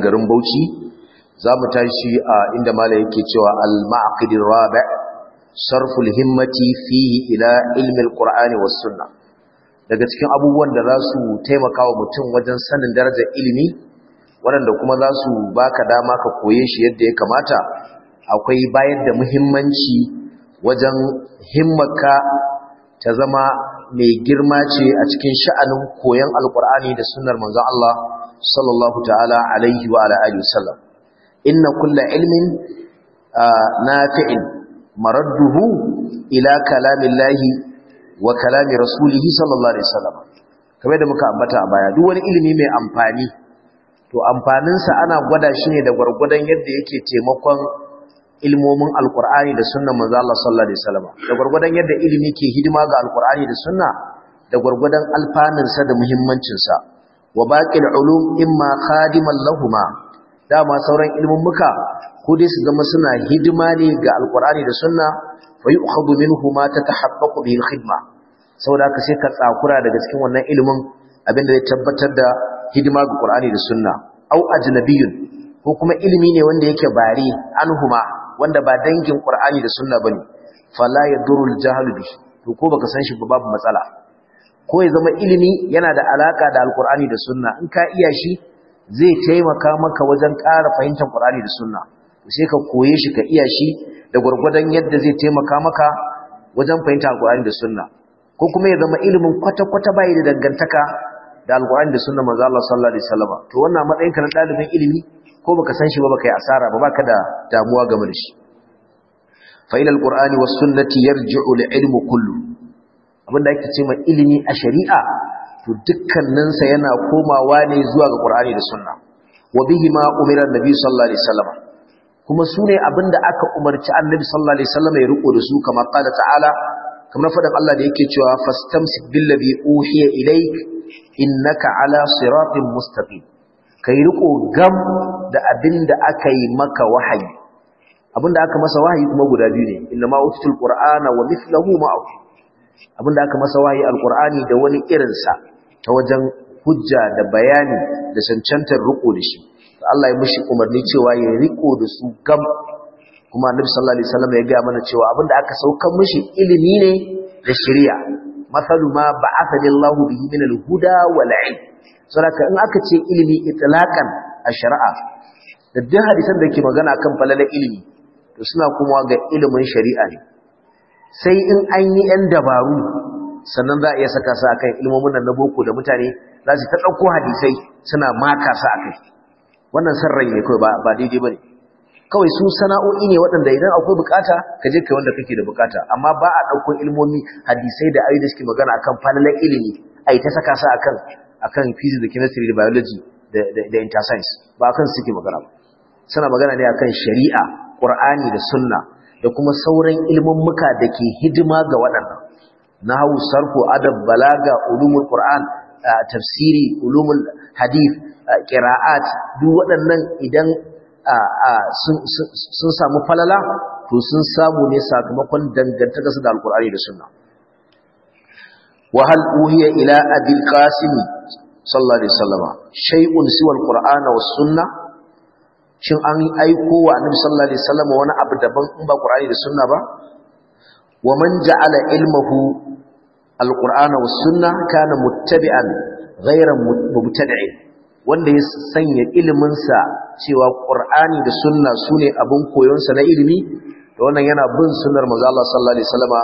garin Bauchi za mu tashi a inda mala yake cewa al-ma'qidir rabi' sarful himmati fihi ila ilmi al-qur'ani was sunnah daga cikin abubuwan da za su taimaka wa mutum wajen sanin darajar ilimi waɗanda kuma za su baka dama ka koye shi yadda ya kamata akwai bayar da muhimmanci wajen himmaka ta zama mai girma ce a cikin sha'anin koyon al-qur'ani da sunnar manzon Allah sallallahu ta'ala alaihi wa ala alihi wasallam inna kulla ilmin ah, nafi'in maradduhu ila kalamillahi wa kalamin rasulihi sallallahu da muka ambata a baya duk wani ilimi mai amfani to amfaninsa ana gwada shi ne da gwargwadon yadda yake taimakon ilmomin alkur'ani da sunnan manzo Allah sallallahu alaihi wasallam da gwargwadon yadda ilimi ke hidima ga alkur'ani da sunna da gwargwadon alfanunsa da muhimmancinsa wa al ulum imma khadiman lahuma dama sauran ilmin muka ko dai su zama suna hidima ne ga alqur'ani da sunna fa yu'khadhu minhu ma tatahaqqaqu bihi alkhidma saboda ka sai ka tsakura daga cikin wannan ilimin abinda zai tabbatar da hidima ga ƙur'ani da sunna au ajnabiyyun ko kuma ilimi ne wanda yake bari anhuma wanda ba dangin ƙur'ani da sunna bane fala yadurul jahlu bihi to ko baka san shi ba babu matsala ko ya zama ilimi yana da alaka da alkur'ani da sunna in ka iya shi zai taimaka maka wajen ƙara fahimtar qur'ani da sunna sai ka koye shi ka iya shi da gurgurdan yadda zai taimaka maka wajen fahimtar alkur'ani da sunna ko kuma ya zama ilimin kwata-kwata bai da dangantaka da alkur'ani da sunna manzo Allah sallallahu alaihi wasallam to wannan matsayin ka na dalibin ilimi ko baka san shi ba baka yi asara ba baka da damuwa game da shi fa ila alqur'ani was sunnati yarji'u al kullu abinda ake ce mai ilimi a shari'a to dukkaninsa yana komawa ne zuwa ga ƙurani da Sunna wa bihi ma umira annabi sallallahu alaihi wasallam kuma sune abinda aka umarci annabi sallallahu alaihi wasallam ya riko da su kamar qala ta'ala kamar fadan Allah da yake cewa fastamsik billadhi uhiya ilaik, innaka ala siratin mustaqim kai riko gam da abinda aka yi maka wahayi abinda aka masa wahayi kuma guda biyu ne inna ma utul qur'ana wa mithluhu ma'ahu abinda aka masa wahayi alqur'ani da wani irin sa ta wajen hujja da bayani da cancantar riko da shi Allah ya mishi umarni cewa ya riko da su gam kuma annabi sallallahu alaihi wasallam ya ga mana cewa abin da aka saukan mishi ilimi ne da shari'a masalu ma ba'athani Allahu bihi min al-huda wal ilm saboda in aka ce ilimi itlaqan a shari'a da duk hadisan da ke magana kan falalar ilimi to suna kuma ga ilimin shari'a ne sai in an yi 'yan dabaru sannan za a iya saka su akan ilmomin nan na boko da mutane za su ta ɗauko hadisai suna maka su kai wannan san rai ne kawai ba daidai ba ne kawai su sana'o'i ne waɗanda idan akwai bukata ka je kai wanda kake da bukata amma ba a ɗauko ilmomi hadisai da ayoyi suke magana akan falalar ilimi a yi ta saka su akan kan physics da chemistry da biology da interscience ba a kan suke magana ba suna magana ne akan shari'a Ƙur'ani, da sunna da kuma sauran ilmummuka da ke hidima ga waɗannan hau sarko adab balaga ulumul qur'an tafsiri ulumul hadith qira'at duk waɗannan idan sun samu falala to sun samu ne sakamakon dangantaka su da alqur'ani da sunna wa hal uhiya ila abil qasim sallallahu alaihi wasallama shay'un siwa alqur'ana was sunnah shin an aiko wa annabi sallallahu alaihi wasallam wani abu daban in ba qur'ani da sunna ba wa man ja'ala ilmahu alqur'ana was sunna kana muttabi'an ghayra mubtadi'in wanda ya sanya ilimin sa cewa qur'ani da sunna sune abun koyon sa na ilimi to wannan yana bin sunnar manzo Allah sallallahu alaihi wasallam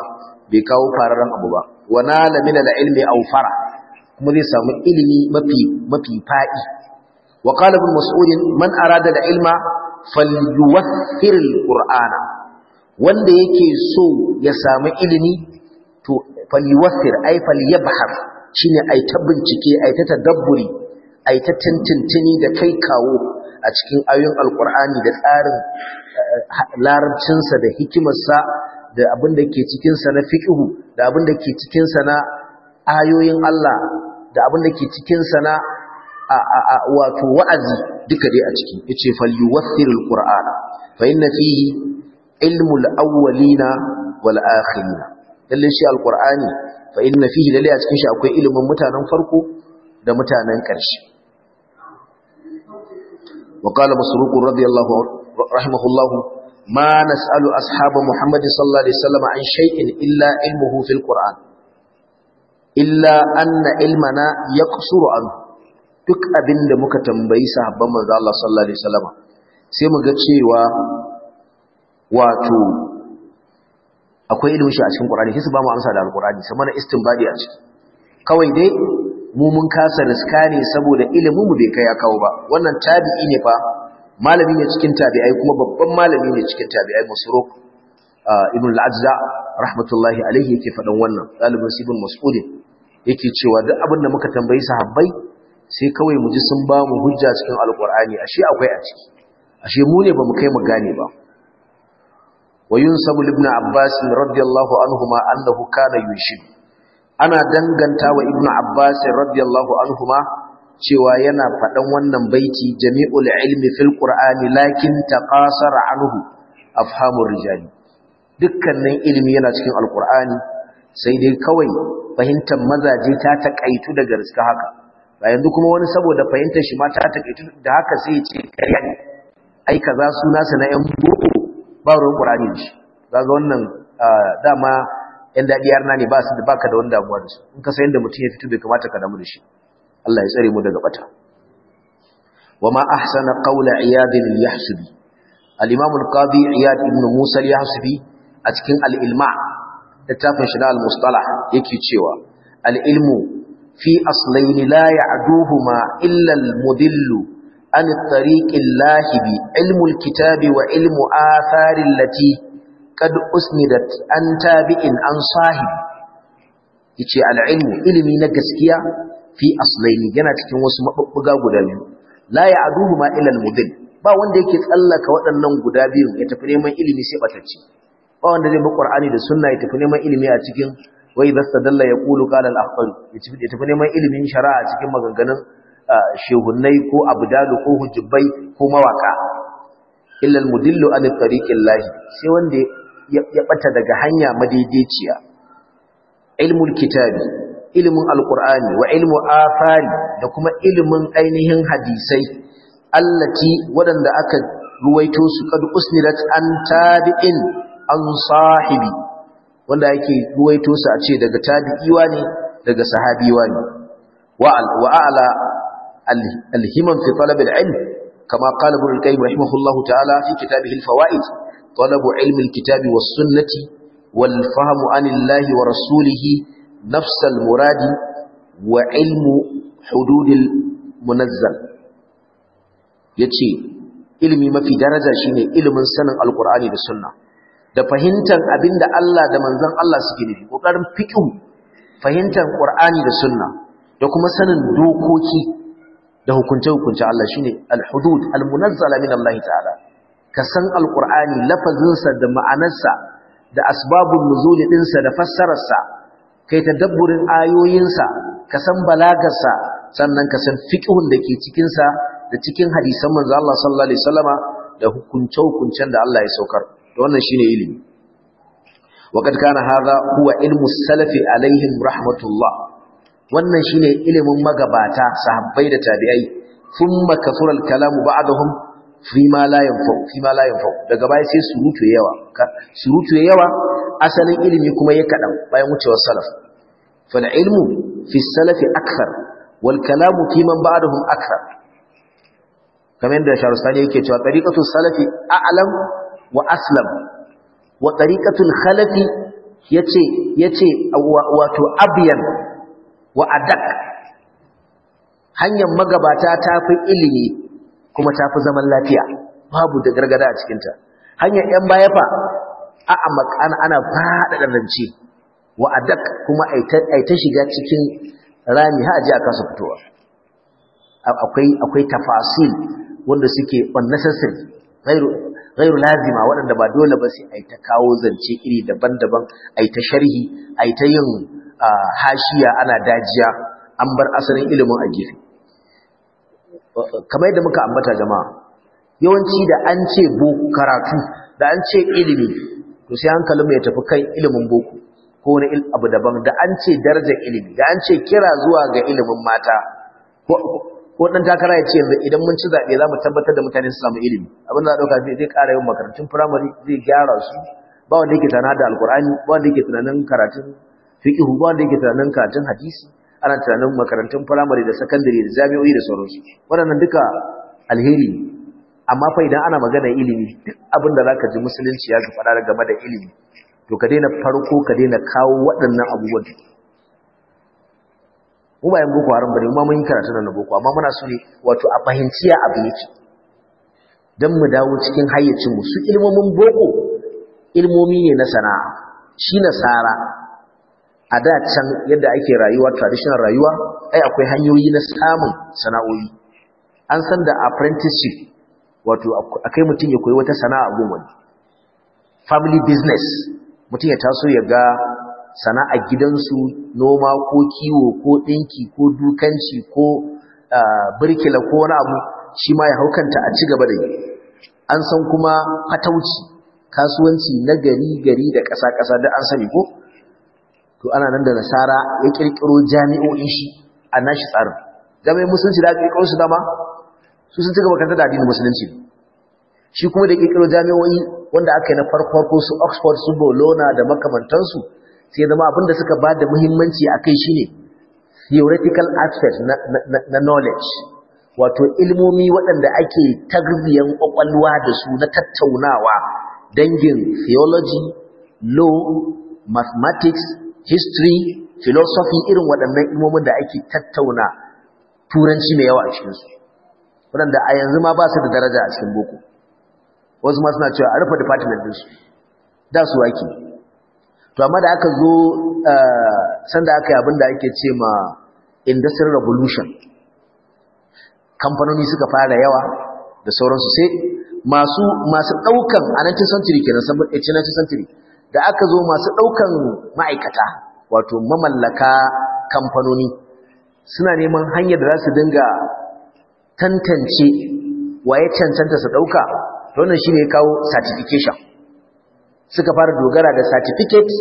bai kawo fararan abu ba wa nala min fara kuma zai samu ilimi mafi mafi وقال ابن مسعود من أراد العلم فليوثر القرآن wanda yake so ya samu ilimi to faliwasir ai falyabhar shine aita ta bincike ai ta tadabburi ai ta tintintini da kai kawo a cikin ayoyin alqur'ani da tsarin larabcin sa da hikimar sa da abin da ke cikin sa na fiqhu da abin da ke cikin sa na ayoyin Allah da abin da ke cikin sa na wato wa'azi duka dai a ciki yace falyuwathirul qur'ana fa inna fihi ilmul awwalina wal akhirina lalle shi alqur'ani fa inna fihi lalle a cikin shi akwai ilimin mutanen farko da mutanen ƙarshe Waƙala qala masruq radiyallahu rahimahullahu ma nas'alu ashab Muhammadu sallallahu alaihi an shaikin illa ilmuhu fil qur'an illa na ilmana yaqsuru anhu duk abin da muka tambayi sahabban manzo Allah sallallahu alaihi wasallam sai mu ga cewa wato akwai ilimin shi a cikin Qur'ani sai su ba mu amsa da Al-Qur'ani sai istinbadi a ciki kawai dai mu mun kasa riska ne saboda ilimin mu bai kai ya kawo ba wannan tabi'i ne fa malami ne cikin tabi'ai kuma babban malami ne cikin tabi'ai Masruq ah, ibn al-Ajza rahmatullahi alaihi yake fadan wannan dalibin Ibn Mas'ud yake cewa duk abin da muka tambayi sahabbai sai kawai mu ji sun ba mu hujja cikin alkur'ani ashe akwai a ciki ashe mu ne ba mu kai mu gane ba wa yunsabu ibn abbas radiyallahu anhuma annahu kana yushid ana danganta wa ibn abbas radiyallahu ma cewa yana fadan wannan baiti jami'ul ilmi fil qur'ani lakin taqasara anhu afhamur rijali dukkanin ilimi yana cikin alkur'ani sai dai kawai fahimtar mazaje ta taƙaitu daga riska haka ba yanzu kuma wani saboda fahimtar shi ma ta takaitu da haka sai ya ce ƙarya ne ai kaza suna sa na yan boko ba ruwan qur'ani ne ga wannan dama yan dadi yarna ne ba su da baka da wani damuwa da su in ka san yanda mutum ya fito bai kamata ka damu da shi Allah ya tsare mu daga bata wama ahsana qawla iyad al-yahsubi al-imam al-qadi iyad ibn musa al-yahsubi a cikin al-ilma littafin shi na al-mustalah yake cewa al-ilmu fi aslaini la ya'duhuma illa illal mudillu an at lahibi ilmu kitabi wa ilmu athari allati qad usnidat an tabi'in an sahibi yace al-ilmu ilimi na gaskiya fi aslaini yana cikin wasu mabubbuga guda biyu la ya'duhuma illa illal mudill ba wanda yake tsallaka waɗannan guda biyu ya tafi neman ilimi sai batacce ba wanda zai bi Qur'ani da Sunna ya tafi neman ilimi a cikin wai idan sadalla ya kulu qala al-akhtar ya tafi neman ilimin shari'a cikin maganganun shehunnai ko abdalu ko hujubbai ko mawaka illa al-mudillu an lahi, sai wanda ya bata daga hanya madaidaiciya ilmul kitabi ilmin alqur'ani wa ilmu afari da kuma ilmin ainihin hadisai allati wadanda aka ruwaito su kad usnirat an tabi'in an sahibi wanda yake ruwaito su a ce daga tabi'iwa ne daga sahabiwa ne wa a'la alhiman fi talabil ilm kama qala ibn al-qayyim rahimahullahu ta'ala fi kitabihi al-fawaid talabu ilm al-kitabi was-sunnati wal fahm an wa rasulihi nafs al-muradi wa ilm hudud al-munazzal yace ilimi mafi daraja shine ilimin sanin alqur'ani da sunna da fahimtar abin da Allah da manzon Allah suke nufi kokarin fiqh fahimtar Qur'ani da Sunna da kuma sanin dokoki da hukunce-hukunce Allah shine al-hudud al-munazzala min Allah ta'ala ka san al lafazinsa da ma'anarsa da asbabun muzuli ɗinsa da fassararsa kai ta dabburin ayoyinsa ka san balagarsa sannan ka san fiqhun da ke cikinsa da cikin hadisan manzo Allah sallallahu alaihi wasallama da hukunce-hukuncen da Allah ya saukar wannan shine ilimi waqad kana hadha huwa ilmu salafi alaihim rahmatullah wannan shine ilimin magabata sahabbai da tabi'ai thumma kasura al-kalamu ba'dahum fima la yanfa fima la yanfa daga baya sai surutu yawa surutu yawa asalin ilimi kuma ya kadan bayan wucewar salaf fal ilmu fi salafi akthar wal kalamu fi man ba'dahum akthar kamar yadda Shahrustani yake cewa tariqatu salafi a'lam wa aslam wa tariqatul khalafi yace yace wato abyan wa adak hanyar magabata ta fi ilimi kuma ta fi zaman lafiya babu da gargada a cikinta. hanyar yan baya fa a ana ana fada rance wa adak kuma ai ta shiga cikin rami ha a aka su fitowa akwai akwai tafasil wanda suke unnecessary ghairu lazima waɗanda ba dole ba sai ai ta kawo zance iri daban-daban ai ta sharhi ai ta yin hashiya ana dajiya an bar asalin ilimin a gifi. kamar yadda muka ambata jama'a yawanci da an ce boku karatu da an ce ilimi to sai hankalin ya tafi kan ilimin boku ko wani abu daban da an ce darajar ilimi da an ce kira zuwa ga ilimin mata ko dan takara ya ce yanzu idan mun ci zabe za mu tabbatar da mutane su samu ilimi abin da za a ɗauka zai kara yin makarantun firamare zai gyara su ba wanda yake tana da alkur'ani ba wanda yake tunanin karatun fiqh ba wanda yake tunanin karatun hadisi ana tunanin makarantun firamare da sakandare da jami'o'i da sauransu waɗannan duka alheri amma fa idan ana magana ilimi duk abin da zaka ji musulunci ya faɗa game da ilimi to ka daina farko ka daina kawo waɗannan abubuwan mu bayan boko haram bane mu ma mun yi karatu na boko amma muna so ne wato a fahimciya ya abu yake dan mu dawo cikin hayyacin mu su ilmomin boko ilmomi ne na sana'a shi nasara a da can yadda ake rayuwa traditional rayuwa ai akwai hanyoyi na samun sana'o'i an san da apprenticeship wato akai mutum ya koyi wata sana'a gun family business mutum ya taso ya ga sana'a gidansu noma ko kiwo ko ɗinki ko dukanci ko birkila ko wani abu shi ma ya haukanta a ci gaba da yi an san kuma fatauci kasuwanci na gari gari da ƙasa ƙasa da an sani ko to ana nan da nasara ya ƙirƙiro jami'o'in shi a nashi tsarin jami'in musulunci da ƙirƙiro su dama su sun ci gaba kanta da addinin musulunci shi kuma da ƙirƙiro jami'o'i wanda aka yi na farko su oxford su bolona da makamantansu sai zama abinda suka ba da muhimmanci a kai shine theoretical aspect na knowledge wato ilmomi waɗanda ake tarbiyan ƙwaƙwalwa da su na tattaunawa dangin theology law mathematics history philosophy irin waɗannan ilmomin da ake tattauna turanci mai yawa a cikinsu waɗanda a yanzu ma ba su da daraja a cikin boko wasu ma suna cewa a rufe department ɗinsu da su ake to amma da aka zo eh, sanda aka yi abin ake ce ma industrial revolution kamfanoni suka fara yawa da sauransu sai masu masu daukan a 19th century kenan 19 th century da aka zo masu daukan ma'aikata wato mamallaka kamfanoni suna neman hanyar da za su dinga tantance waye cancanta su dauka wannan shine ya kawo certification suka fara dogara da certificate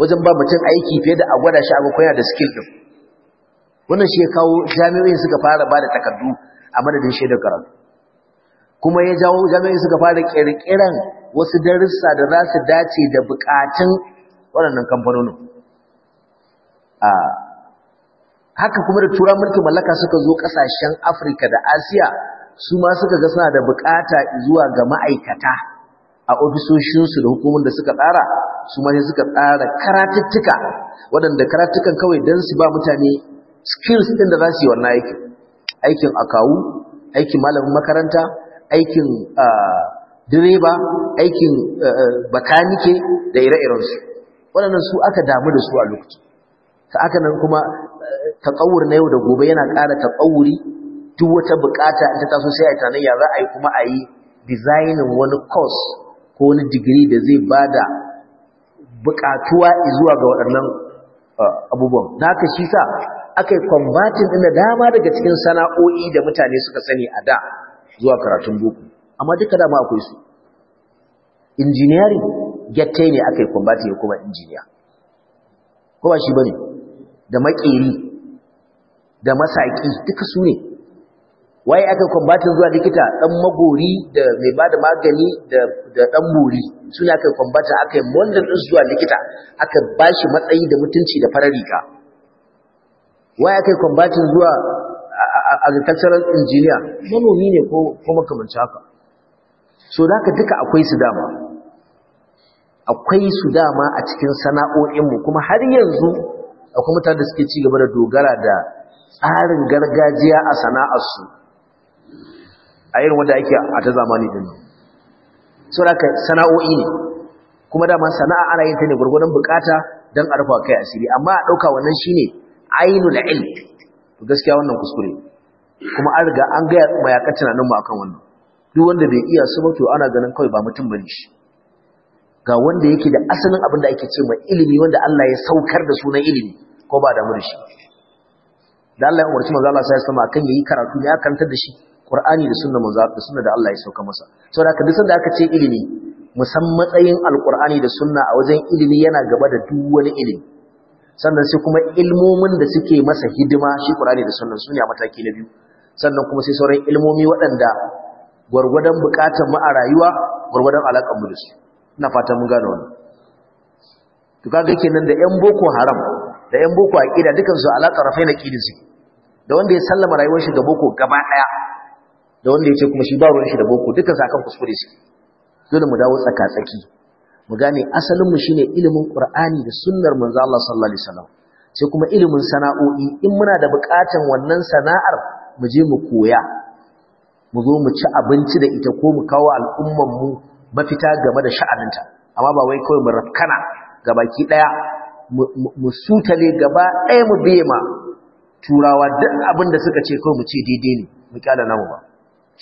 wajen ba mutum aiki fiye da a gwada shi abu kwaya da skill din wannan shi ya kawo jami'in suka fara ba da takardu a madadin shaidar karatu kuma ya jawo jami'in suka fara kirkiran wasu darussa da za su dace da bukatun waɗannan kamfanonin haka kuma da tura mulkin mallaka suka zo ƙasashen afirka da asiya su ma suka ga suna da bukata zuwa ga ma'aikata a ofisoshinsu da hukumar da suka tsara su ma sai suka tsara karatuttuka waɗanda karatukan kawai don su ba mutane skills ɗin da za su yi wannan aikin aikin akawu aikin malamin makaranta aikin direba aikin bakanike da ire-irensu waɗannan su aka damu da su a lokaci ta aka nan kuma tsawur na yau da gobe yana ƙara tsawuri duk wata buƙata ta taso sai a tanayya za a yi kuma a yi dizainin wani course ko wani digiri da zai ba da buƙatuwa zuwa ga waɗannan uh, abubuwan na haka shi sa aka yi kwambatin ɗin dama daga cikin sana'o'i da mutane suka sani a da zuwa karatun buku. amma duka dama akwai su injiniyarin gyatta ne aka yi kwambatin ya kuma injiniya ko ba shi ba da maƙeri da masaƙi duka su ne waye aka kwambatin zuwa likita dan magori da mai bada magani da da dan muri su aka kwambata aka yi wannan din zuwa likita aka bashi matsayi da mutunci da fararika waye aka kwambatin zuwa agricultural engineer manomi ne ko kuma makamanci haka so da duka akwai su dama akwai su dama a cikin sana'o'inmu kuma har yanzu akwai mutanen da suke ci gaba da dogara da tsarin gargajiya a sana'arsu a irin wanda ake a ta zamani din so da sana'o'i ne kuma dama sana'a ana yin ta ne gurgurdan bukata dan a rufa kai asiri amma a dauka wannan shine ainul ilm to gaskiya wannan kuskure kuma an riga an ga mayakan tunanin mu akan wannan duk wanda bai iya su to ana ganin kawai ba mutum bane shi ga wanda yake da asalin abin da ake cewa ilimi wanda Allah ya saukar da sunan ilimi ko ba da murshi da Allah ya umarci manzo Allah sai ya sama akan yayi karatu ya kantar da shi Qur'ani da suna manzo da da Allah ya sauka masa saboda haka duk sanda aka ce ilimi musamman matsayin alqur'ani da sunna a wajen ilimi yana gaba da duk wani ilimi sannan sai kuma ilmomin da suke masa hidima shi Qur'ani da sunna sune a mataki na biyu sannan kuma sai sauran ilmomi waɗanda gwargwadon buƙatar mu a rayuwa gwargwadon alaƙar mu da su ina fatan mun gane wannan to kaga kenan da ƴan boko haram da ƴan boko aqida dukan su alaƙar rafai na kidi da wanda ya sallama rayuwar shi ga boko gaba ɗaya. da wanda ya ce kuma shi ba ruwan shi da boko dukkan sakan kuskure shi dole mu dawo tsaka-tsaki mu gane asalin mu shine ilimin Qur'ani da sunnar manzo Allah sallallahu alaihi wasallam sai kuma ilimin sana'o'i in muna da bukatan wannan sana'ar mu je mu koya mu zo mu ci abinci da ita ko mu kawo al'umman mu mafita game da sha'aninta amma ba wai kawai mu rafkana gabaki daya mu sutale gaba daya mu bema turawa duk abin da suka ce kawai mu ce daidai ne mu kyala namu ba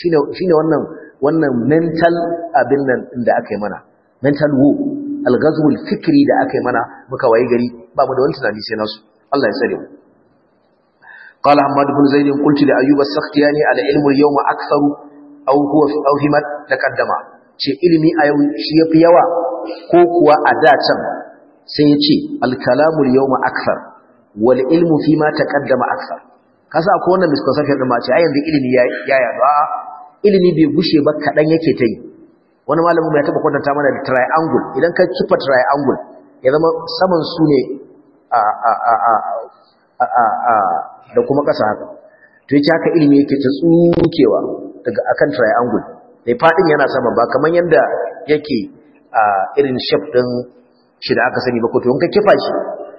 shine wannan wannan mental abin nan inda aka yi mana mental wo algazwul fikri da aka yi mana muka waye gari ba mu da wani tunani sai nasu Allah ya tsare mu قال حماد بن زيد قلت لأيوب السختياني على علم اليوم أكثر أو هو أو همت تقدم ce ilimi a yau shi yafi yawa ko kuwa a da can sai ya ce alkalamul yawma akthar wal ilmu fi ma taqaddama akthar kasa ko wannan misconception din ma ce ai yanzu ilimi ya ya ilimi bai gushe ba kaɗan yake ta yi wani malamin ya taɓa kwatanta mana da triangle idan ka kifa triangle ya zama saman su ne da kuma ƙasa haka to yake haka ilimi yake ta tsukewa daga akan triangle mai faɗin yana sama ba kamar yadda yake irin shaf ɗin shi da aka sani ba ko to in ka kifa shi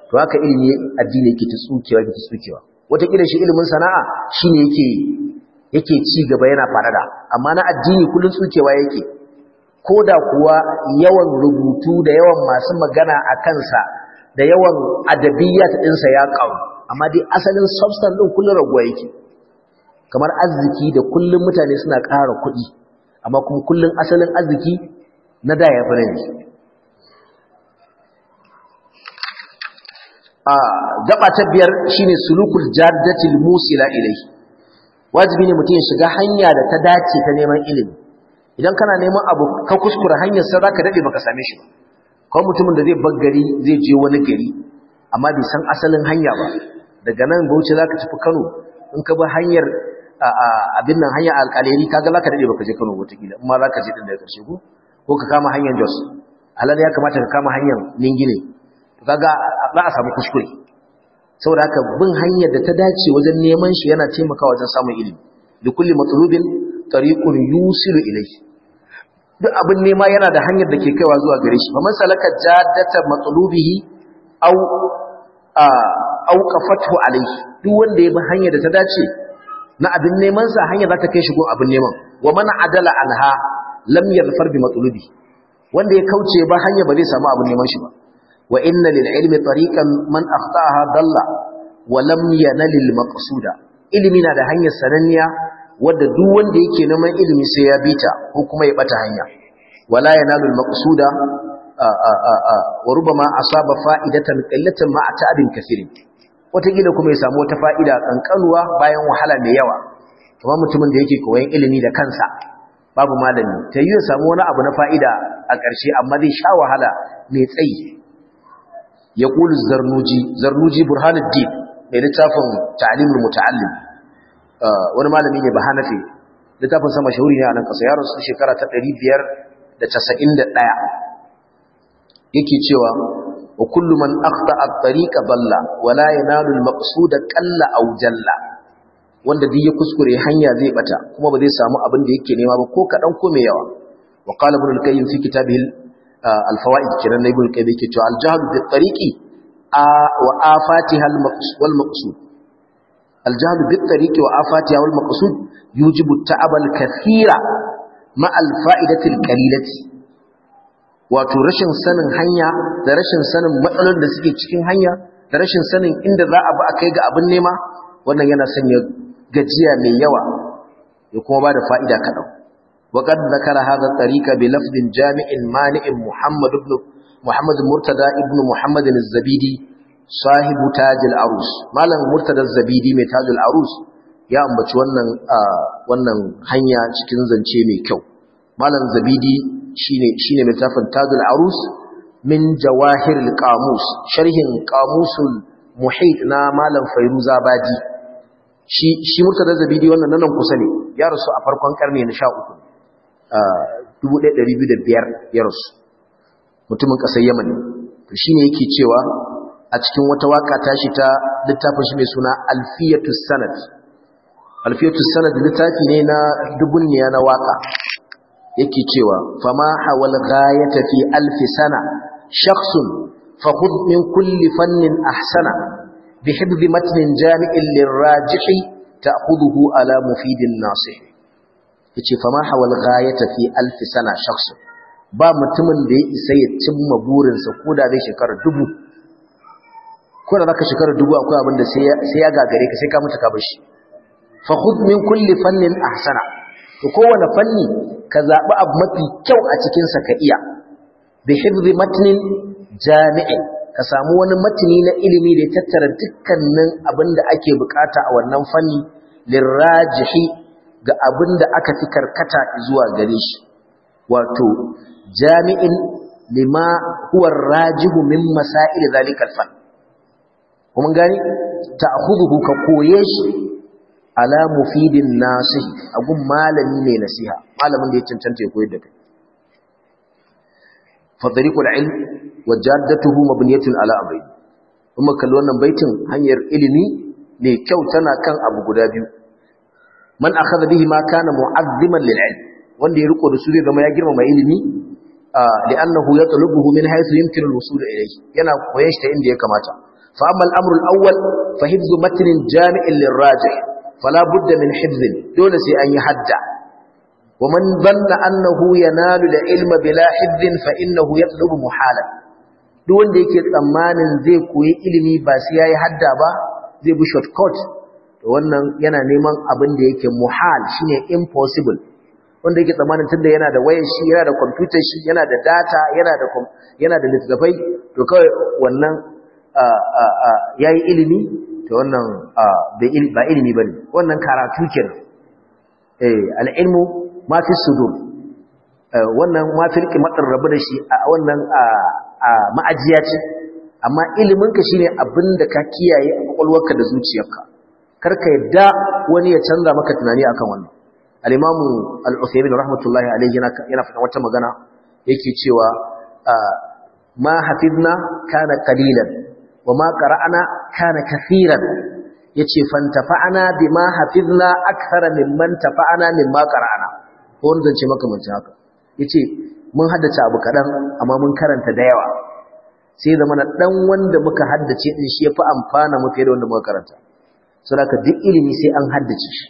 to haka ilimi addini yake ta tsukewa yake ta tsukewa wataƙila shi ilimin sana'a shi ne yake yake ci gaba yana farada amma na addini kullun tsukewa yake ko da kuwa yawan rubutu da yawan masu magana a kansa da yawan adabiyyat ɗinsa ya ƙaru amma dai asalin substance ɗin kullun raguwa yake kamar arziki da kullun mutane suna ƙara kuɗi amma kuma kullun asalin arziki na da ya fara ne a gaba ta biyar shine sulukul jaddatil musila ilayhi wajibi ne mutum ya shiga hanya da ta dace ta neman ilimi idan kana neman abu ka kuskura hanyar sa zaka dade baka same shi ba mutumin da zai bar gari zai je wani gari amma bai san asalin hanya ba daga nan bauchi zaka tafi Kano in ka bi hanyar abin nan hanyar alƙaleri kaga zaka dade baka je Kano wataƙila amma zaka je din daga karshe ko ko ka kama hanyar Jos alal ya kamata ka kama hanyar Ningile kaga za a samu kuskure saboda haka bin hanyar da ta dace wajen neman shi yana taimakawa wajen samun ilimi da kulli matsalubin tariqun yusilu ilayhi duk abin nema yana da hanyar da ke kaiwa zuwa gare shi faman salaka jaddata matsalubihi aw aw qafathu duk wanda ya bi hanyar da ta dace na abin neman sa hanyar za ta kai shi go abin neman wa man adala anha lam yarfar bi wanda ya kauce ba hanya ba zai samu abin neman shi ba wa inna lil ilmi tariqan man akhtaaha wa lam yanal al maqsuda ilimi na da hanyar sananniya wadda duk wanda yake neman ilimi sai ya bita ko kuma ya bata hanya wala yanalu al maqsuda ma rubama asaba fa'idatan qillatan ma ta'abin kaseerin watakila kuma ya samu wata fa'ida kankanuwa bayan wahala mai yawa kamar mutumin da yake koyan ilimi da kansa babu malami ta yi ya samu wani abu na fa'ida a ƙarshe amma zai sha wahala mai tsayi ya ƙuli zarnuji zarnuji burhanuddin mai littafin ta'alimin muta'allim wani malami ne ba hanafi littafin sama shahuri ne a nan ƙasa yaron sun shekara ta 591 yake cewa wa kullu man akhta at-tariqa balla wa la yanalu al-maqsuda qalla aw jalla wanda duk ya kuskure hanya zai bata kuma ba zai samu abin da yake nema ba ko kaɗan ko mai yawa wa qala ibn al fi alfawaid kiran kai da yake cewa al bi tariqi wa afatiha al-maqsud wal al bi tariqi wa afatiha wal maqsud yujibu taab al-kathira ma al-fa'idati al-qalilati wato rashin sanin hanya da rashin sanin matsalolin da suke cikin hanya da rashin sanin inda za a bi a kai ga abin nema wannan yana sanya gajiya mai yawa ya kuma ba da fa'ida kaɗan وقد ذكر هذا الطريق بلفظ جامع مانع محمد بن محمد مرتضى ابن محمد الزبيدي صاحب تاج العروس مالن مرتضى الزبيدي mai تاج العروس ya ambaci wannan wannan hanya cikin zance mai kyau malam zabidi shine shine littafin tajul arus min jawahiril qamus sharhin qamusul muhit na malam fairuza baji shi shi murtada zabidi wannan nan kusa ne ya rasu a farkon karni na 13 1205 ya mutumin ƙasar yaman to shi ne yake cewa a cikin wata waka tashi ta littafin shi mai suna alfiyatus sanad alfiyatus sanad littafi ne na dubunniya na waka yake cewa fama hawal ghayata fi alfi sana shakhsun fa min kulli fannin ahsana bi hibbi matnin jami'in lirajihi ta'khudhuhu ala mufidin nasih yace fama hawal ghayata fi alf sana shakhs ba mutumin da ya isa ya cimma burinsa ko da zai shekara dubu ko da zaka shekara dubu akwai abin da sai ya gagare ka sai ka mutu ka bashi. shi fa khudh min kulli fannin ahsana to kowane fanni ka zabi abu mafi kyau a cikin sa ka iya bi hifzi matnin jami'in ka samu wani matni na ilimi da ya tattara dukkanin abinda ake bukata a wannan fanni lirrajihi ga abin da aka fi karkata zuwa gare shi wato jami'in lima huwa rajihu min masail zalika alfan kuma gani ta'khudhu ka koye shi ala mufidin nasih agun malami ne nasiha malamin da ya cancanta ya koyar da kai fa tariqul ilm wa jaddatuhu mabniyatun ala abay kuma kallon wannan baitin hanyar ilimi ne kyau tana kan abu guda biyu man akhadha bihi ma kana mu'azziman lil ilm wanda ya riko da su zai zama ya girmama ilimi li'annahu yatlubuhu min haythu yumkinu al-wusul ilayhi yana koyon shi ta inda ya kamata fa amma al-amru al-awwal fa hifzu matnin jami'in lirrajih fala budda min hifzin dole sai an yi hadda wa man dhanna annahu yanalu al-ilma bila hifzin fa innahu yatlubu muhala duk wanda yake tsammanin zai koyi ilimi ba sai yayi hadda ba zai bi shortcut wannan yana neman abin da yake muhal shine impossible wanda yake tsamanin tunda yana da wayar shi yana da computer shi yana da data yana da yana da littafai to kawai wannan yayi ilimi to wannan ba ilimi ba bane wannan karatu kenan eh al-ilmu ma fi sudur eh, wannan ma fi kimatar rabu da shi a wannan ma'ajiya ce amma iliminka shine abin da ka kiyaye a kwakwalwarka da zuciyarka karka yadda wani ya canza maka tunani akan wannan al al-usaymin rahmatullahi alayhi yana fada wata magana yake cewa ah, ma hafidna kana qalilan wa ma qara'na kana kaseeran yace fantafa'na bima hafidna akthara mimman tafa'na mimma qara'na ko wanda zance maka mun haka yace mun haddace abu kadan amma mun karanta da yawa sai zama na dan wanda muka haddace din shi ya fi amfana mu fiye da wanda muka karanta saboda duk ilimi sai an haddace shi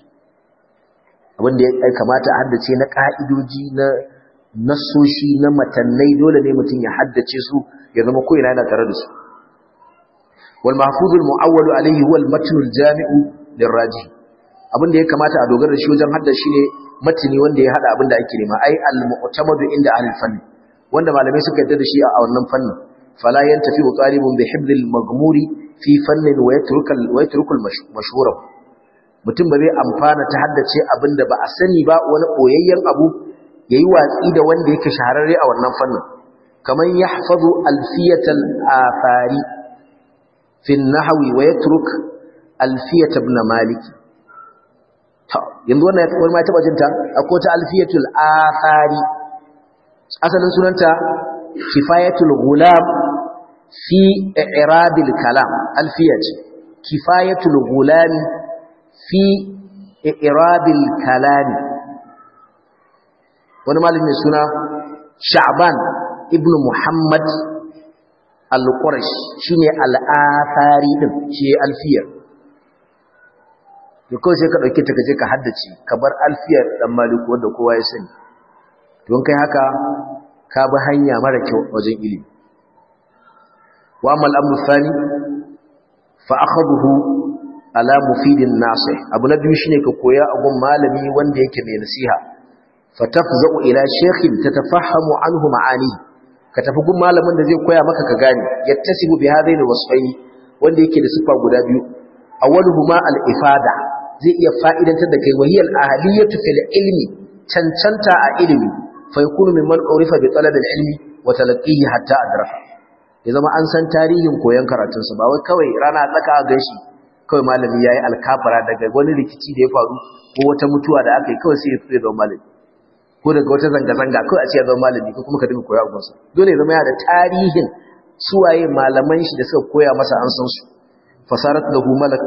abin da ya kamata a haddace na ka'idoji na nasoshi na matannai dole ne mutum ya haddace su ya zama ko ina tare da su wal mahfuz al alayhi huwa al jami'u lirraji abin da ya kamata a dogara shi wajen haddace shi ne matni wanda ya hada abin da ake nema ai al mu'tamadu inda ahli fanni wanda malamai suka yarda da shi a wannan fannin fala yantafi talibun bi hibdil maghmuri fi fannin wa yatrukul mutum ba zai amfana ta haddace abin da ba a sani ba wani koyayyen abu yayi watsi da wanda yake shahararre a wannan fannin kaman yahfazu alfiyatal afari fi nahwi wa yatruk alfiyat ibn malik to yanzu wannan wani ma taba jinta akwai ta alfiyatul afari asalin sunanta kifayatul gulam fi i'rabil kalam alfiya ce kifayatul gulam fi i'rabil kalam wani malami suna sha'ban ibnu muhammad al-qurash shine al-athari din shi alfiyar to sai ka dauke ta kaje ka haddace ka bar alfiyar dan maliku wanda kowa ya sani don kai haka ka bi hanya mara kyau wajen ilimi wa amal amru thani fa akhadhu ala mufidin nasih abu na biyu shine ka koya gun malami wanda yake mai nasiha fatafza'u ila shaykhin tatafahamu anhu ma'ani ka tafi gun malamin da zai koya maka ka gane yattasibu bi hadaini wasfaini wanda yake da sifa guda biyu awwaluhuma al-ifada zai iya fa'idantar da kai wahiyal ahliyatu fil ilmi cancanta a ilimi fa yakunu mimman urifa bi talabil ilmi wa talaqqihi hatta adrafa ya zama an san tarihin koyon karatunsa ba wai kawai rana tsaka a gashi kawai malami ya yi alkafara daga wani rikici da ya faru ko wata mutuwa da aka yi kawai sai ya fito ya zama malami ko daga wata zanga-zanga kawai a ce ya zama malami ko kuma ka dinga koya gonsa dole ya zama yana da tarihin suwaye malaman shi da suka koya masa an san su fasarat lahu malak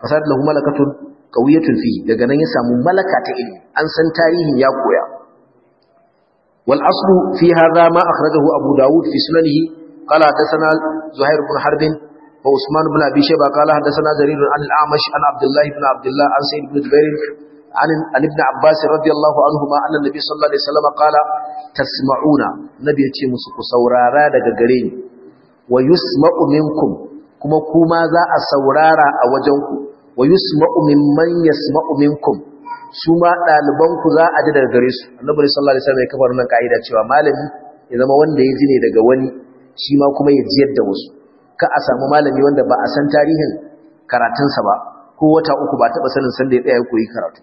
fasarat lahu malakatun qawiyatun fi daga nan ya samu malaka ta ilimi an san tarihin ya koya wal aslu fi hadha ma akhrajahu abu daud fi sunanihi قال حدثنا زهير بن حرب وعثمان بن أبي شيبة قال حدثنا زرير عن الأعمش عن عبد الله بن عبد الله عن سيد بن جبير عن ابن عباس رضي الله عنهما أن النبي صلى الله عليه وسلم قال تسمعون نبي يتي سورارا daga gare ni wayusma'u minkum kuma kuma za a saurara a wajenku wayusma'u mimman yasma'u minkum su ma ɗalibanku za a ji daga gare su annabi sallallahu alaihi wasallam ya kafa wannan ka'ida cewa malami ya zama wanda ya ji ne daga wani shi ma kuma ya jiyar da wasu ka a samu malami wanda ba a san tarihin karatunsa ba ko wata uku ba taɓa sanin sanda ya tsaya koyi karatu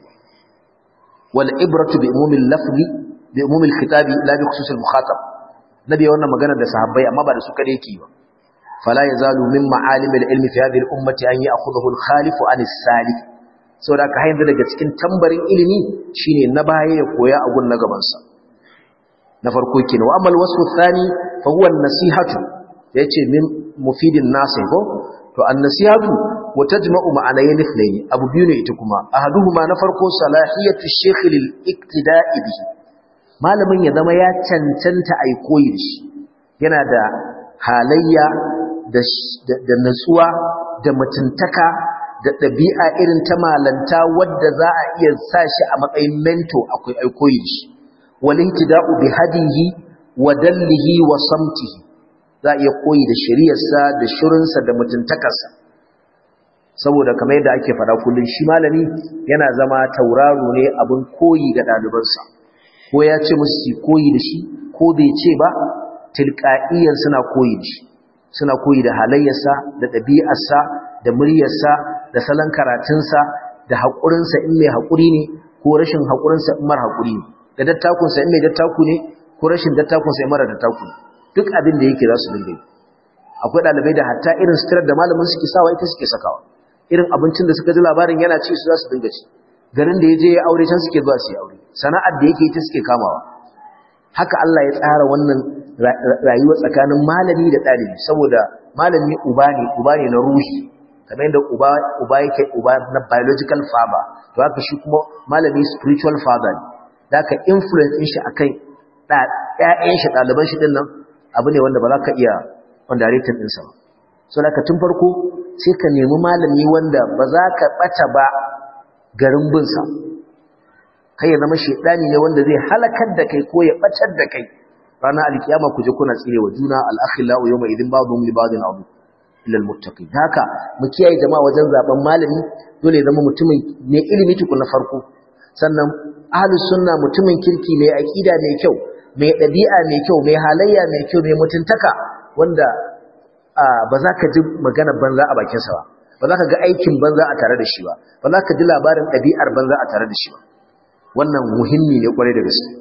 wal ibratu bi umumil lafzi bi umumil kitabi, la bi khususil mukhatab nabi wannan magana da sahabbai amma ba da su kade yake ba fala yazalu min ma'alimil ilmi fi hadhihi al ummati an ya'khudhu al khalifu an as salif saboda ka hayyanzu daga cikin tambarin ilimi shine na baya ya koya a gun na gabansa na farko kin wa amal wasu thani fa huwa an-nasihatu yace min mufidin nasi ko to an-nasihatu wa tajma'u ma'anayn ithnayn abu biyu ne ita kuma ahaduhuma na farko salahiyatu shaykh lil iktida'i bihi malamin ya zama ya cancanta ai koyi shi yana da halayya da natsuwa da mutuntaka da ɗabi'a irin ta malanta wadda za a iya sa shi a matsayin mento akwai aikoyi shi walintida'u bi hadihi wa dallihi wa samtihi za iya koyi da shari'arsa da shirinsa da mutuntakarsa saboda kamar yadda ake faɗa kullum shi malami yana zama tauraro ne abin koyi ga ɗalibansa ko ya ce musu su koyi da shi ko bai ce ba tilka'iyyar suna koyi da shi suna koyi da halayyarsa da ɗabi'arsa da muryarsa da salon karatunsa da haƙurinsa in mai haƙuri ne ko rashin haƙurinsa in mar haƙuri ne da dattakunsa in mai dattaku ne ko rashin dattakunsa in mara dattaku duk abin da yake za su dinga yi akwai ɗalibai da hatta irin sutura da malamin suke sawa ita suke sakawa irin abincin da suka ji labarin yana ci su za su dinga ci garin da ya je ya aure can suke zuwa su yi aure sana'ar da yake ita suke kamawa haka Allah ya tsara wannan rayuwa tsakanin malami da ɗalibi saboda malami uba ne uba ne na ruhi kamar yadda uba uba yake uba na biological father to haka shi kuma malami spiritual father ne da ka influence a shi akan ƴaƴan shi ɗaliban shi ɗin nan abu ne wanda ba za ka iya underrated din sa ba so da ka tun farko sai ka nemi malami wanda ba za ka ɓata ba garin binsa sa kai ya zama shedani ne wanda zai halakar da kai ko ya ɓatar da kai Rana alkiyama ku je kuna tsire wa juna al-akhillau yawma idhin ba'dhum li na abu. illal da haka mu kiyaye jama'a wajen zaben malami dole ya zama mutumin ne ilimi tukun na farko sannan ahlus sunna mutumin kirki mai aqida mai kyau mai dabi'a mai kyau mai halayya mai kyau mai mutuntaka wanda ba za ka ji magana banza a bakin sa ba ba za ka ga aikin banza a tare da shi ba ba za ka ji labarin dabi'ar banza a tare da shi ba wannan muhimmi ne kwarai da gaske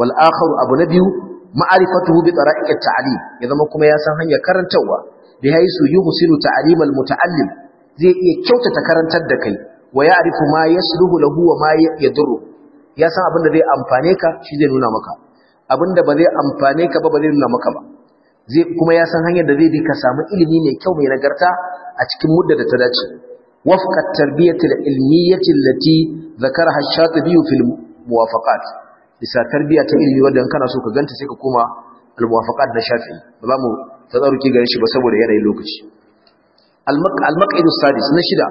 wal akhar abu na biyu ma'rifatuhu bi tara'iq at-ta'lim ya zama kuma ya san hanyar karantawa bi haisu yuhsinu ta'lim al-muta'allim zai iya kyautata karantar da kai wa ya'rifu ma yasluhu lahu wa ma yadurru ya san abin da zai amfane ka shi zai nuna maka abin da ba zai amfane ka ba ba zai nuna maka ba zai kuma ya san hanyar da zai bi ka samu ilimi mai kyau mai nagarta a cikin mudda da ta dace wafqa tarbiyatil ilmiyyati allati zakaraha ash-shatibi fil muwafaqat bisa tarbiya ta ilimi wanda kana so ka ganta sai ka koma al-muwafaqat da shafi'i ba za mu tsaruki gare shi ba saboda yanayin lokaci al-maq'id sadis na shida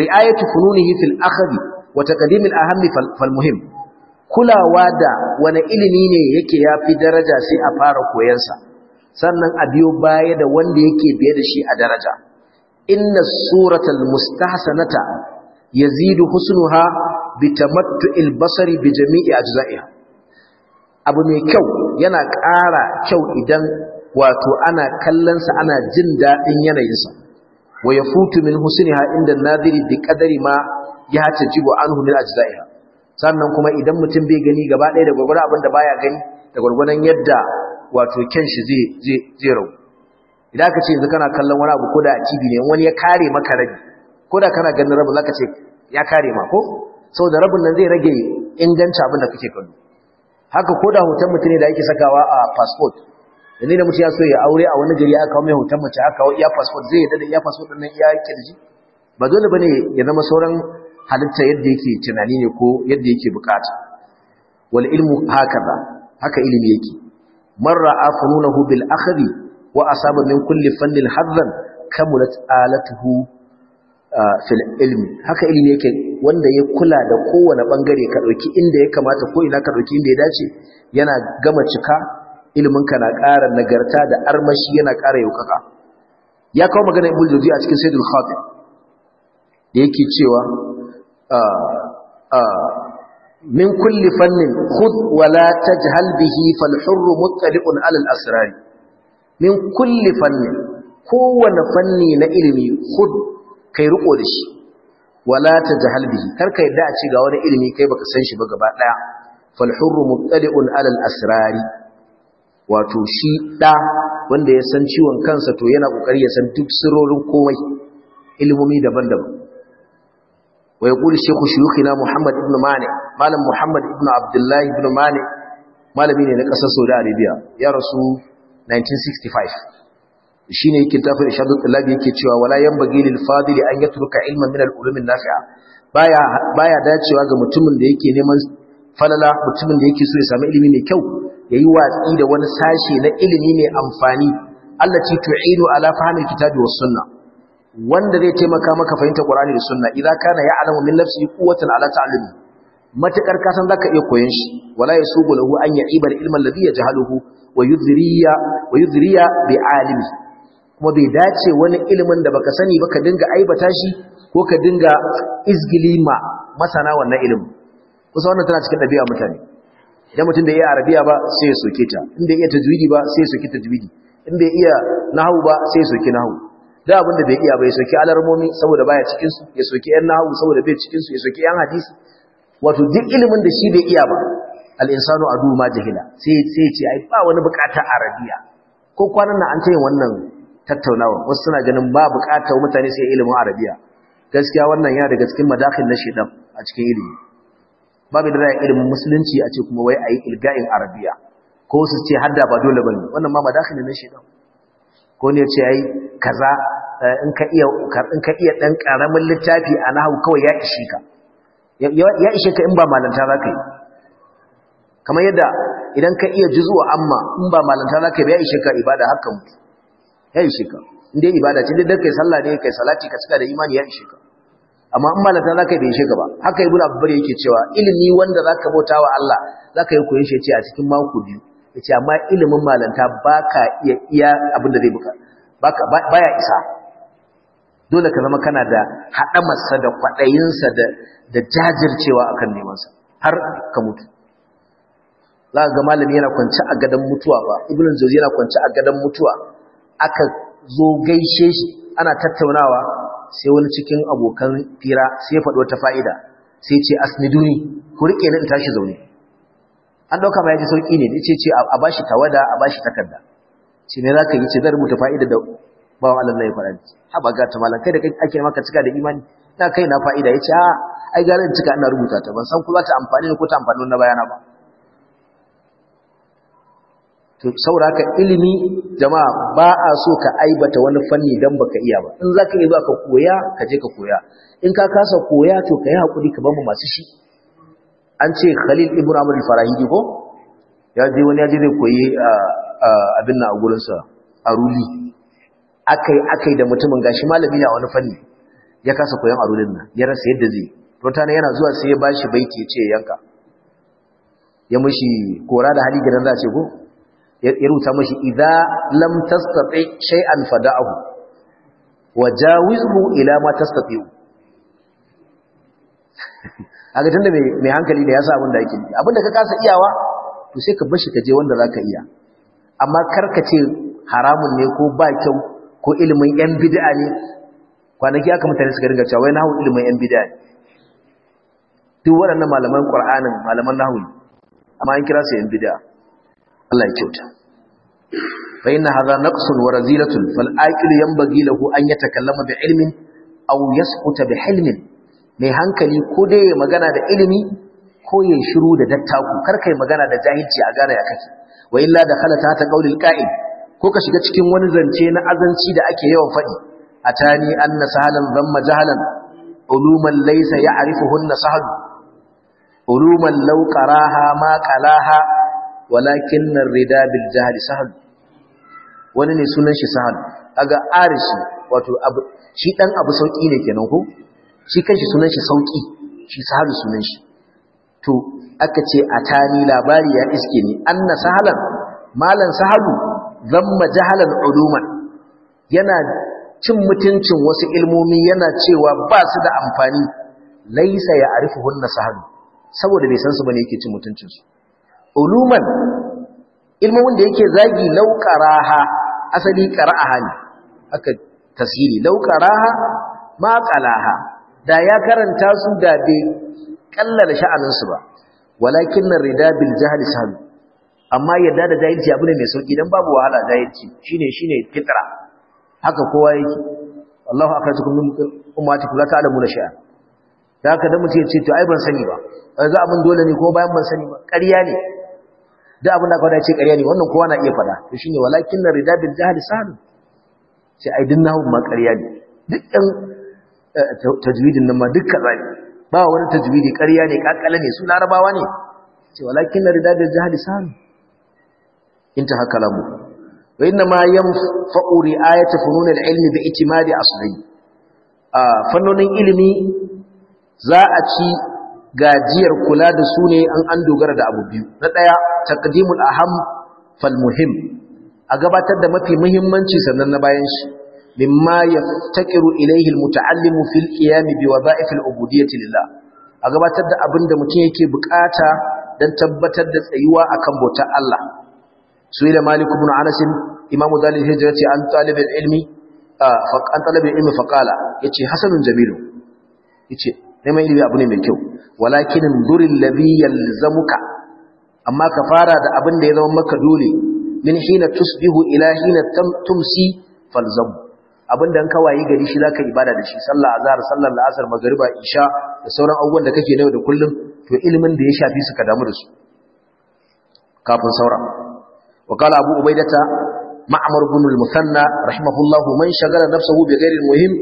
ri'ayatu fununihi fil akhdi wa taqdim al muhim kulawa da wani ilimi ne yake ya fi daraja sai a fara koyansa sannan a biyo baya da wanda yake biye da shi a daraja inna suratul mustahsanata yazidu husnuha bitamattu'il basari bi jami'i ajza'iha abu mai kyau yana ƙara kyau idan wato ana kallon sa ana jin daɗin yanayinsa wa yafutu min husniha inda nadiri bi qadari ma ya tajibu anhu min ajza'iha sannan kuma idan mutum bai gani gaba ɗaya da gwargwaron abinda da baya gani da gwargwaron yadda wato kyan shi zai zai zai rau idan ka ce yanzu kana kallon wani abu ko da a TV ne wani ya kare maka rabi ko da kana ganin rabin zaka ce ya kare ma ko saboda rabin nan zai rage inganci abin da kake kallo haka ko da hoton mutum ne da ake sakawa a passport yanzu da mutum ya so ya aure a wani gari aka kawo mai hoton mace aka kawo iya passport zai yadda da iya passport din nan iya kirji ba dole bane ya zama sauran halitta yadda yake tunani ne ko yadda yake bukata wal ilmu hakaza haka ilimi yake marra afununahu bil akhdi wa asaba min kulli fannin hazzan kamulat alatuhu ah, fil ilmi haka ilimi yake wanda ya kula da kowane bangare ka dauki inda ya kamata ko ina ka dauki inda ya dace yana gama cika iliminka na ƙara nagarta da armashi yana ƙara yaukaka ya kawo magana ibn jawzi a cikin sayyidul khatib da yake cewa min kulli fannin khudh wala la tajhal bihi fal hurru muttaliqun ala al asrar min kulli fannin kowane fanni na ilimi khudh kai riko da shi wala tajhal bihi kar kai da a ci ga wani ilimi kai baka san shi ba gaba daya fal hurru muttaliqun ala al asrar wato shi da wanda ya san ciwon kansa to yana kokari ya san duk sirrorin komai ilimomi daban-daban ويقول الشيخ شيوخنا محمد بن مانع مالم محمد بن عبد الله بن مانع ne na ƙasar Saudi Arabiya. ya rasu 1965 shine yake tafsir Ishadul Talab yake cewa wala yanbaghi lil fadil an yatruka ilman min al ulum al nafi'a baya dacewa ga mutumin da yake neman falala mutumin da yake so ya samu ilimi mai kyau yayi watsi da wani sashe na ilimi mai amfani allati tu'inu ala fahmi kitabi was sunna." wanda zai taimaka maka fahimta Qur'ani da Sunna idan kana ya'lamu min nafsihi quwwatan ala ta'limi matakar ka san zaka iya koyon shi wala yasubu lahu an ya'iba al-ilma alladhi yajhaluhu wa yudhriya wa yudhriya bi alimi kuma bai dace wani ilimin da baka sani baka dinga aibata shi ko ka dinga izgilima masana wannan ilimin kusa wannan tana cikin dabi'a mutane idan mutum da iya arabiya ba sai ya soke ta in bai iya tajwidi ba sai ya soke tajwidi in bai iya nahwu ba sai ya soke nahwu da abin da bai iya ba ya soki alarmomi saboda baya cikin su ya soki yan nahu saboda bai cikin su ya soki yan hadisi wato duk ilimin da shi bai iya ba al-insanu adu ma jahila sai sai ce ai ba wani bukata arabiya ko kwanan nan an ta yin wannan tattaunawa wasu suna ganin ba bukata mutane sai ilimin arabiya gaskiya wannan yana daga cikin madakhil na shedan a cikin ilimi babu da ilimin musulunci a ce kuma wai ayi ilga'in arabiya ko su ce hadda ba dole bane wannan ma madakhil ne na shedan ko ne ce ai kaza eh, in ka iya in ka iya dan karamin littafi a nahu kawai ya ishe ka ya ishe ka in ba malanta zaka yi kamar yadda idan ka iya juzu amma in ba malanta zaka yi ya ishe ka ibada haka mutu ya ishe ka in dai ibada ce dai kai sallah ne kai salati ka cika da imani ya ishe ka amma in malanta zaka yi bai ishe ka ba haka ibnu abbar yake cewa ilimi wanda zaka bautawa Allah zaka yi koyon shi ce a cikin mako biyu yace amma ilimin malanta baka iya iya abinda zai buka baka baya isa dole ka zama kana da masa da kwaɗayinsa da da jajircewa akan neman sa har ka mutu za ga malami yana kwance a gadan mutuwa ba ibnu jawzi yana kwance a gadon mutuwa aka zo gaishe shi ana tattaunawa sai wani cikin abokan fira sai ya faɗi wata fa'ida sai ce asniduni ku rike ni in tashi zaune an dauka ma yaji sauki ne yace ce a bashi tawada a bashi takarda ce me zaka yi ce zan rubuta fa'ida da bawan Allah ya faranti ha ba ga tamala kai da kai ake maka cika da imani na kai na fa'ida yace a ai garin cika ina rubuta ta ban san ku za ta amfani ne ko ta amfani na bayana ba to sauraka ilimi jama'a ba a so ka aibata wani fanni dan baka iya ba in zaka iya zuwa ka koya ka je ka koya in ka kasa koya to kai hakuri ka bamu masu shi an ce khalil ibn amr al-farahidi ko ya je wani ya je zai koyi abin nan a gurinsa a ruli akai akai da mutumin gashi malami ne a wani fanni ya kasa koyon a rulin nan ya rasa yadda zai rota yana zuwa sai ya ba shi baiti ya ce yanka ya mushi kora da hali gidan za a ce ko ya rubuta mushi idza lam tastati shay'an fada'ahu wajawizhu ila ma tastati'u kaga tunda mai hankali da ya sa wanda da yake abinda da ka kasa iyawa to sai ka bashi ka je wanda zaka iya amma kar ka ce haramun ne ko ba kyau ko ilimin yan bid'a ne kwanaki aka mutane suka ringa cewa wai nahu ilimin yan bid'a ne duk waɗannan malaman Qur'anin malaman nahu amma an kira su yan bid'a Allah ya kyauta fa inna hadha naqsun wa razilatun fal aqil yanbaghi lahu an yatakallama bi ilmin aw yasquta bi hilmin mai hankali ko dai ya magana da ilimi ko ya shiru da dattaku kar yi magana da jahilci a gane ya kake wa illa da khalata ta qaulil qa'il ko ka shiga cikin wani zance na azanci da ake yawan faɗi atani anna sahalan dhamma jahalan uluman laysa ya'rifuhunna sahal uluman law qaraha ma qalaha walakin ar-rida bil jahli sahad wani ne sunan shi sahad kaga arishi wato abu shi dan abu sauki ne kenan ko shi kanshi sunan shi sauki shi sahalu sunan shi to aka ce a tani labari ya iske ni anna sahalan malan sahalu zamma jahalan uluman yana cin mutuncin wasu ilmomi yana cewa ba su da amfani laisa ya hunna sahalu saboda bai san su bane yake cin mutuncin su uluman ilmomin da yake zagi lauqaraha asali qara'aha ne aka tasiri lauqaraha ma qalaha da ya karanta su da bai kallala sha'aninsu ba walakin na rida bil jahali sahabi amma yadda da jahilci abu ne mai sauki don babu wahala jahilci shine shine fitra haka kowa yake Allahu akhrajakum kuma ummatikum kula ta shay'a da haka da mutum ya ce to ai ban sani ba yanzu abin dole ne ko bayan ban sani ba ƙarya ne da abin da kawai ce ƙarya ne wannan kowa na iya faɗa to shine walakin na rida bil jahali sahabi sai ai hu ma ƙarya ne duk tajwidin nan ma dukkan kaza ba wani tajwidi ƙarya ne kakala ne su larabawa ne ce walakin na da jihadi sami inta haka lamu wa inna ma yan fa'uri ayata fununan ilmi da itimadi aslai a fannonin ilimi za a ci gajiyar kula da su ne an an dogara da abu biyu na ɗaya takadimul aham fal muhim a gabatar da mafi muhimmanci sannan na bayan shi mimma yaftaqiru ilayhi almutaallimu fil qiyam bi wadha'if alubudiyyati lillah a gabatar da abin da mutum yake bukata dan tabbatar da tsayuwa a kan bautar Allah suila malik ibn anas imamu dalil hijrati an talib ilmi an talib ilmi faqala yace hasanun jamilu yace neman ilimi abu ne mai kyau walakin duril ladhi yalzamuka amma ka fara da abin da ya zama maka dole min hina tusbihu ila hina tumsi falzam abinda an kawayi gari shi zaka ibada da shi sallah azhar sallar la'asar magriba isha da sauran abubuwan da kake nawa da kullum to ilimin da ya shafi su ka damu da su kafin saura wa qala abu ubaidata ma'mar ibn al-musanna rahimahullahu man shagala nafsuhu bi al-muhim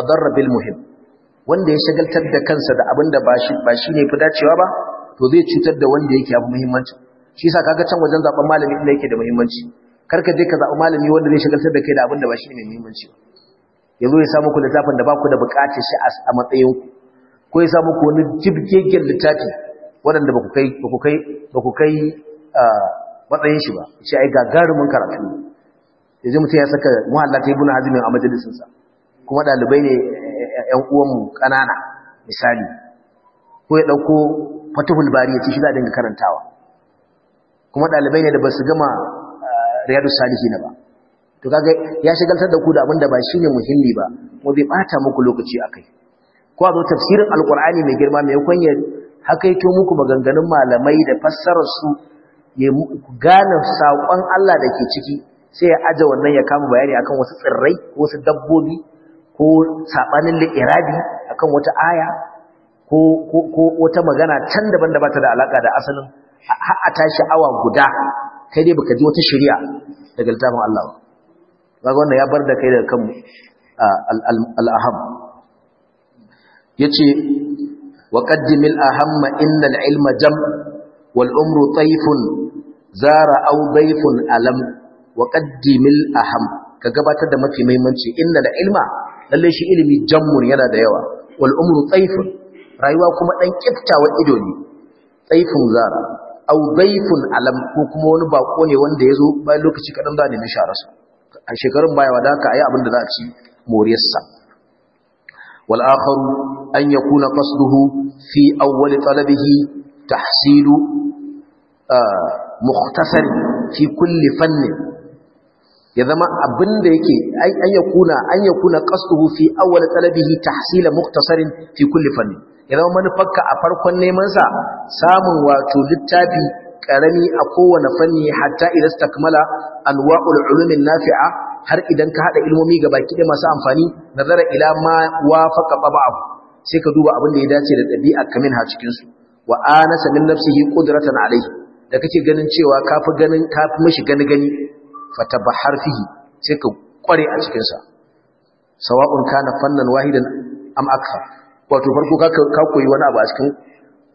adarra bil muhim wanda ya shagaltar da kansa da abinda ba shi ba shine fi dacewa ba to zai cutar da wanda yake abu muhimmanci shi yasa kaga can wajen zaben malami inda yake da muhimmanci karka je ka zaɓi malami wanda zai shagaltar da kai da abin da ba shi ne mai muhimmanci ba yanzu ya samu ku littafin da ba ku da bukatar shi a matsayinku ko ya samu ku wani jibgegen littafi waɗanda ba ku kai matsayin shi ba shi ai gagarumin karatu yanzu mutum ya saka muhallata ibn azumin a majalisinsa kuma ɗalibai ne ƴan uwanmu ƙanana misali ko ya ɗauko fatihul bari ya ci shi za a dinga karantawa kuma ɗalibai ne da ba su gama riyadu salihi na ba to kaga ya shagaltar da ku da abin da ba shine muhimmi ba mu bai bata muku lokaci akai ko a zo tafsirin alqur'ani mai girma mai kunya ya hakaito muku maganganun malamai da fassarar su ya gane sakon Allah da ke ciki sai ya aje wannan ya kama bayani akan wasu tsirrai ko wasu dabbobi ko sabanin li'irabi akan wata aya ko ko ko wata magana can daban da bata da alaka da asalin har a tashi awa guda kai dai baka ji wata shari'a daga littafin Allah ba kaga ya bar da kai daga kan al-aham yace wa qaddimil ahamma innal ilma jam wal'umru umru zara au dayfun alam wa qaddimil aham ka gabatar da mafi muhimmanci innal ilma lalle shi ilimi jammun yana da yawa wal'umru umru rayuwa kuma ɗan kiftawa ido ne tayfun zara au dayfun alam ko kuma wani baƙo ne wanda ya zo bayan lokaci kadan zane na sharasu a shekarun baya wa da haka ayi abin da za a ci moriyarsa wal akharu an yakuna qasduhu fi awwal talabihi tahsilu ah, mukhtasar fi kulli fannin ya zama abinda da yake an yakuna an yakuna qasduhu fi awwal talabihi tahsila mukhtasarin fi kulli fannin ya zama manufarka a farkon neman sa samun wato littafi ƙarami a kowane fanni hatta idan stakmala anwa'ul ulumin nafi'a har idan ka hada ilmomi ga baki da masu amfani nazara ila ma wafaqa tabahu sai ka duba abin da ya dace da dabi'a kamin ha cikin su wa anasa min nafsihi qudratan alayhi da kake ganin cewa kafi ganin kafi mishi gani gani fatabahar fihi sai ka kware a cikin sa sawa'un kana fannan wahidan am akthar wato farko ka koyi wani abu a cikin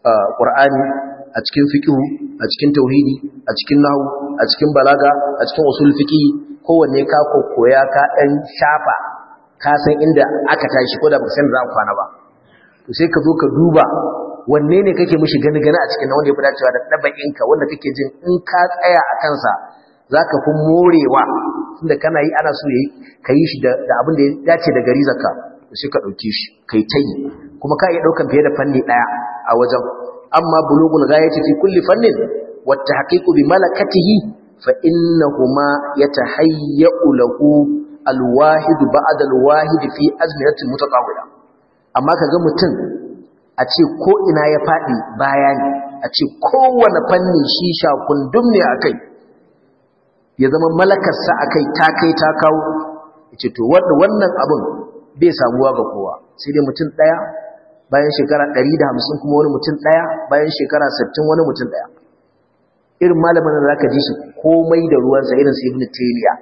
ah, qur'ani a cikin fiqhu a cikin tauhidi a cikin nahu a cikin balaga a cikin usul fiqi kowanne ka kokoya ka dan shafa ka san inda aka tashi ko da ba san za ku kwana ba to sai ka zo ka duba wanne ne kake mishi gani gani a cikin wanda ya fi dacewa da ɗaba'in ka wanda kake jin in ka tsaya a kansa zaka ka fi morewa tunda kana yi ana so ya yi ka yi shi da abin da ya dace da gari zakka sai ka ɗauki shi kai ta kuma ka iya ɗaukan fiye da fanni ɗaya a wajen amma bulugul ghayati fi kulli fannin wa tahqiqu bi malakatihi fa inna kuma innahuma yatahayyu lahu ba a alwahid fi azmirati mutaqawila amma ga mutum a ce ko ina ya fadi bayani a ce kowane fanni shi shakundum ne akai ya zama malakarsa akai ta kai ta kawo ce to wannan abun bai samuwa ga kowa sai dai mutum ɗaya. bayan shekara 150 kuma wani mutum daya bayan shekara 60 wani mutum daya irin malamin da zaka ji shi komai da sa irin su ibnu taymiya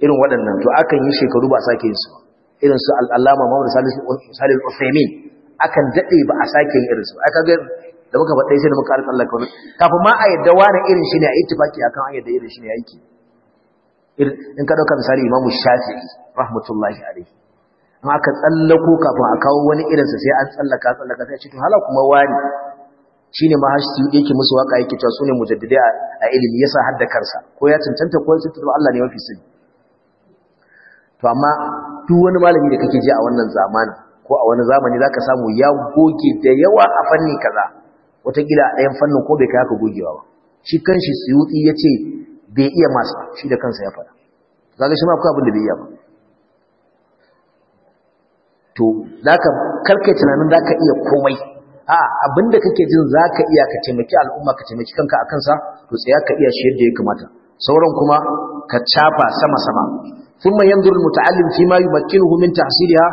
irin waɗannan to akan yi shekaru ba sake yin su irin su al-allama Muhammad Salih Salih Al-Uthaymeen akan dade ba a sake yin irin su ai kaga da muka faɗa sai da muka alƙa Allah kawai kafin ma a yadda wani irin shi ne a ittifaki akan an yadda irin shi ne yake in ka dauka misali Imam Shafi'i rahmatullahi alaihi Ma ka tsallako kafin a kawo wani irinsa sai an tsallaka tsallaka sai ce to hala kuma wani shine ma hashi yake musu waka yake cewa sune mujaddidai a ilimi yasa hadda karsa ko ya cancanta ko ya cancanta Allah ne mafi sani to amma duk wani malami da kake ji a wannan zamanin ko a wani zamani zaka samu ya goge da yawa a fanni kaza watakila a ɗayan fannin ko bai kai haka gogewa ba shi kanshi suyuti yace bai iya masa shi da kansa ya faɗa zaka shi ma kuka abin da bai iya ba to ka karkai tunanin zaka iya komai a abinda kake jin zaka iya ka taimaki al'umma ka taimaki kanka akan sa to tsaya ka iya shi yadda ya kamata sauran kuma ka cafa sama sama thumma yanzuru muta'allim fi ma yumakkinuhu min tahsiliha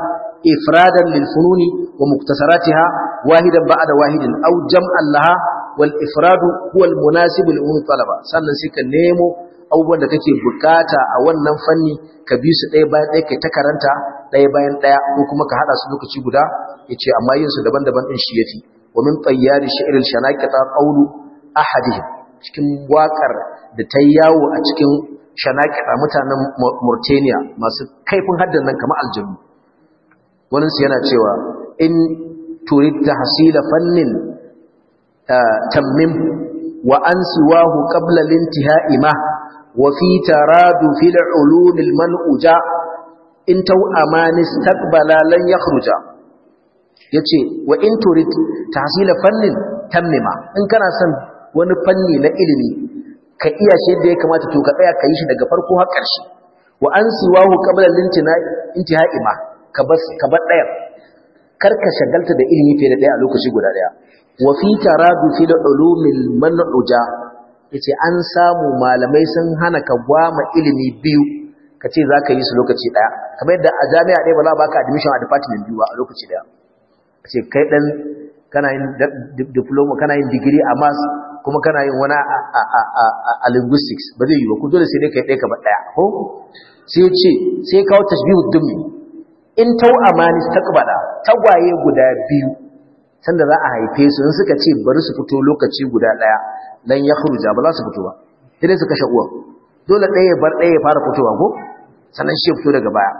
ifradan lilfununi wa muktasaratiha wahidan ba'da wahidin aw jam'an laha wal ifradu huwa almunasibu li ummi talaba sannan sai ka nemo abubuwan da kake bukata a wannan fanni ka bi su ɗaya bayan ɗaya kai ta karanta ɗaya bayan ɗaya ko kuma ka haɗa su lokaci guda ya ce amma yin su daban-daban ɗin shi ya fi wa min tsayyari sha'irin shanaƙita ƙaunu ahadihim cikin waƙar da ta yawo a cikin shanaƙita mutanen Mauritania, masu kaifin haddan nan kamar aljanu waninsu yana cewa in turid tahsila fannin eh, tammim wa an siwahu qabla lintihai ma wa fi taradufil ulumil man'uja in tau amani stakbala lan yakhruja yace wa in turid tahsila fannin tammima in kana son wani fanni na ilimi ka iya shi ya kamata to ka tsaya ka yi shi daga farko har ƙarshe wa an siwahu qabla lintina intihaima ka ka bar daya kar ka shagalta da ilimi fiye da daya a lokaci guda daya wa fi taradu fi ulumil man'uja yace an samu malamai sun hana ka gwama ilimi biyu kace zaka yi su lokaci daya kamar yadda a jami'a ɗaya ba za a baka admission a department biyu ba a lokaci daya kace kai dan kana yin diploma kana yin degree a mass kuma kana yin wani a linguistics ba zai yi ba ku dole sai dai kai ɗaya ka ba daya ko sai ce sai kawo tashbihu dummi in tau amani takbala tagwaye guda biyu Tanda za a haife su in suka ce bari su fito lokaci guda ɗaya dan ya khuruja ba za su fito ba sai su kashe uwar, dole ɗaya bar daya ya fara fitowa ko sanan shi fito daga baya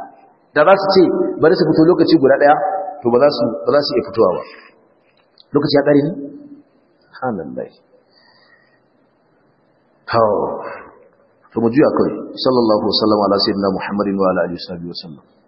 da za su ce bari su fito lokaci guda ɗaya to ba za su ba za su iya fitowa ba lokaci ya kare ne subhanallahi to to mu juya kai sallallahu alaihi wa sallam ala sayyidina muhammadin wa ala alihi wa sallam